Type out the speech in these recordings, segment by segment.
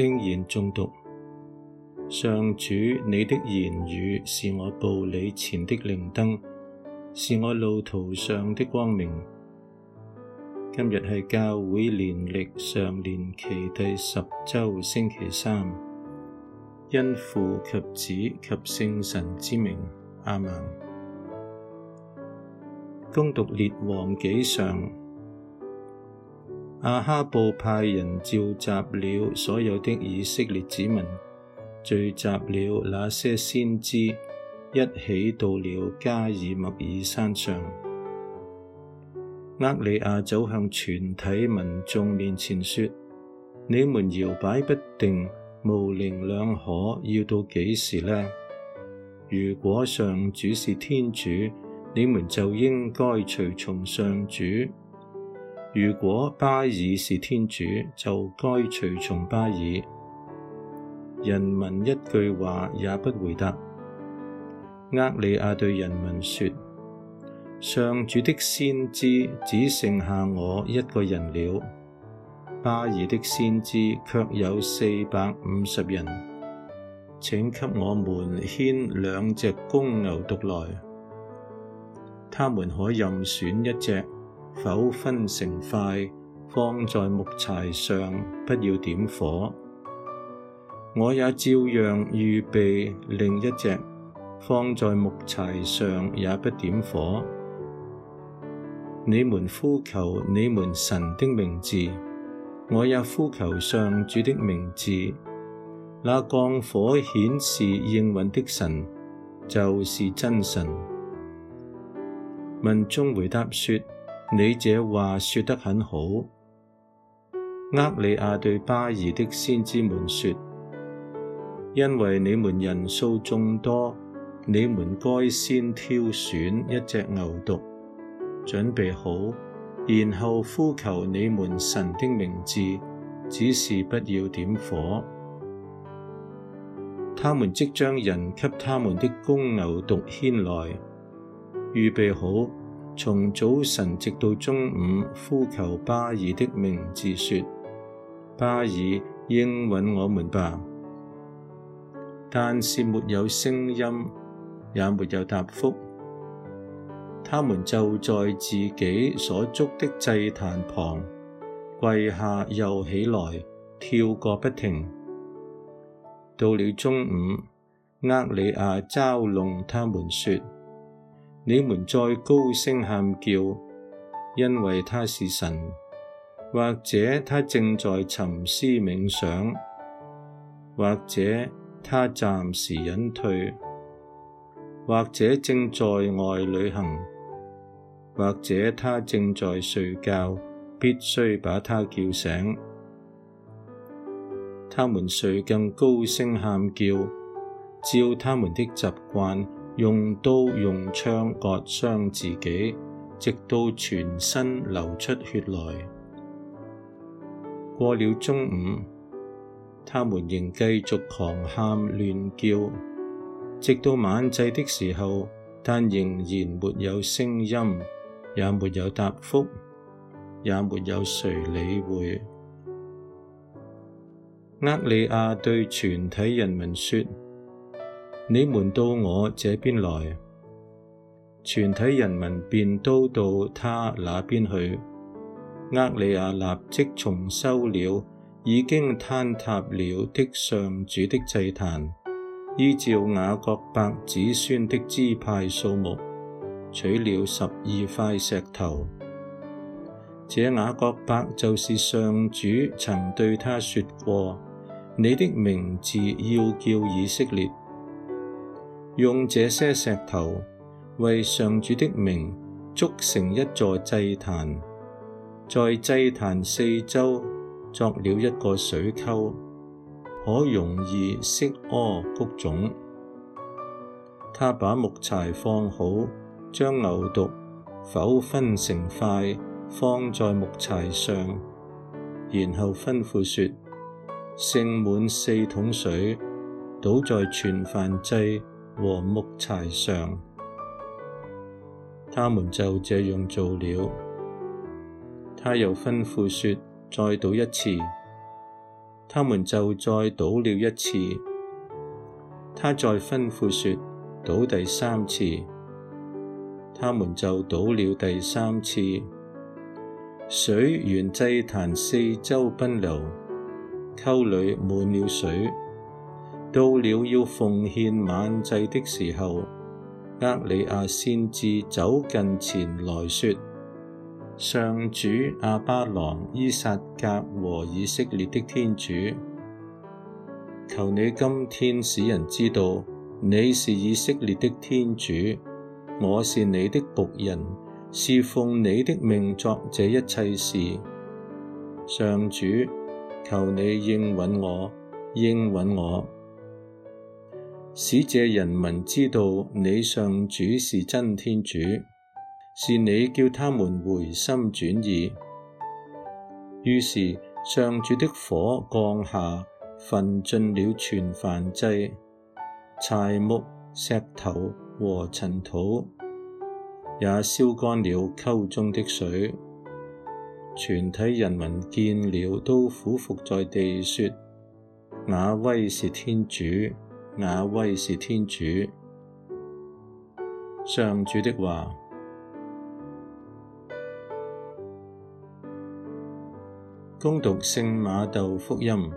聖言誦讀。上主，你的言語是我步履前的靈燈，是我路途上的光明。今日係教會年曆常年期第十周星期三，因父及子及聖神之名，阿門。恭讀列王紀上。阿哈布派人召集了所有的以色列子民，聚集了那些先知，一起到了加爾默耳山上。厄里亞走向全體民眾面前說：你們搖擺不定、模稜兩可，要到幾時呢？如果上主是天主，你們就應該隨從上主。如果巴耳是天主，就該隨從巴耳。人民一句話也不回答。厄里亞對人民說：上主的先知只剩下我一個人了。巴耳的先知卻有四百五十人，請給我們牽兩隻公牛犢來，他們可任選一隻。剖分成塊放在木柴上，不要點火。我也照樣預備另一隻放在木柴上，也不點火。你們呼求你們神的名字，我也呼求上主的名字。那降火顯示應允的神，就是真神。民眾回答說。你這話說得很好。厄里亞對巴耳的先知們說：因為你們人數眾多，你們該先挑選一隻牛犢，準備好，然後呼求你們神的名字，只是不要點火。他們即將人給他們的公牛犢牽來，預備好。從早晨直到中午，呼求巴爾的名字，說：巴爾應允我們吧。但是沒有聲音，也沒有答覆。他們就在自己所築的祭壇旁跪下，又起來，跳個不停。到了中午，厄里亞嘲弄他們說。你們再高聲喊叫，因為他是神，或者他正在沉思冥想，或者他暫時隱退，或者正在外旅行，或者他正在睡覺，必須把他叫醒。他們遂更高聲喊叫，照他們的習慣。用刀用槍割傷自己，直到全身流出血來。過了中午，他們仍繼續狂喊亂叫，直到晚祭的時候，但仍然沒有聲音，也沒有答覆，也沒有誰理會。厄里亞對全體人民說。你們到我這邊來，全體人民便都到他那邊去。厄里亞立即重修了已經坍塌了的上主的祭壇，依照雅各伯子孫的支派數目，取了十二塊石頭。這雅各伯就是上主曾對他說過：你的名字要叫以色列。用這些石頭，為上主的名築成一座祭壇，在祭壇四周作了一個水溝，可容二「色阿」穀種。他把木柴放好，將牛犢剖分成塊，放在木柴上，然後吩咐說：盛滿四桶水，倒在全燔祭和木柴上，他們就這樣做了。他又吩咐說，再倒一次，他們就再倒了一次。他再吩咐說，倒第三次，他們就倒了第三次。水沿祭壇四周奔流，溝裏滿了水。到了要奉獻晚祭的時候，厄里亞先知走近前來說：上主亞巴郎、伊撒格和以色列的天主，求你今天使人知道你是以色列的天主，我是你的僕人，是奉你的命作這一切事。上主，求你應允我，應允我。使這人民知道你上主是真天主，是你叫他們回心轉意。於是上主的火降下，焚盡了全燔祭柴木、石頭和塵土，也燒乾了溝中的水。全體人民見了，都俯伏在地，說：雅威是天主！雅威是天主上主的話，恭讀聖瑪竇福音。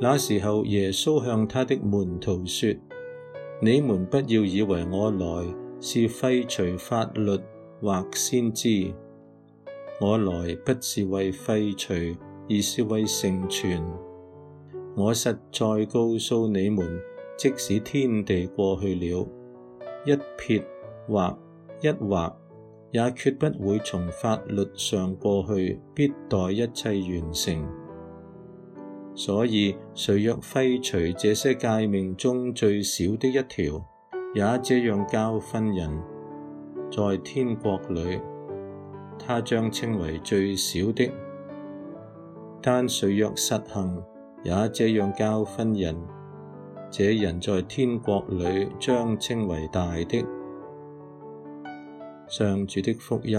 那時候，耶穌向他的門徒說：你們不要以為我來是廢除法律或先知，我來不是為廢除，而是為成全。我實在告訴你們，即使天地過去了，一撇或一畫，也絕不會從法律上過去，必待一切完成。所以，誰若廢除這些誡命中最小的一條，也這樣教訓人，在天國裏，他將稱為最小的。但誰若實行，也這樣教訓人，這人在天國裏將稱為大的。上主的福音。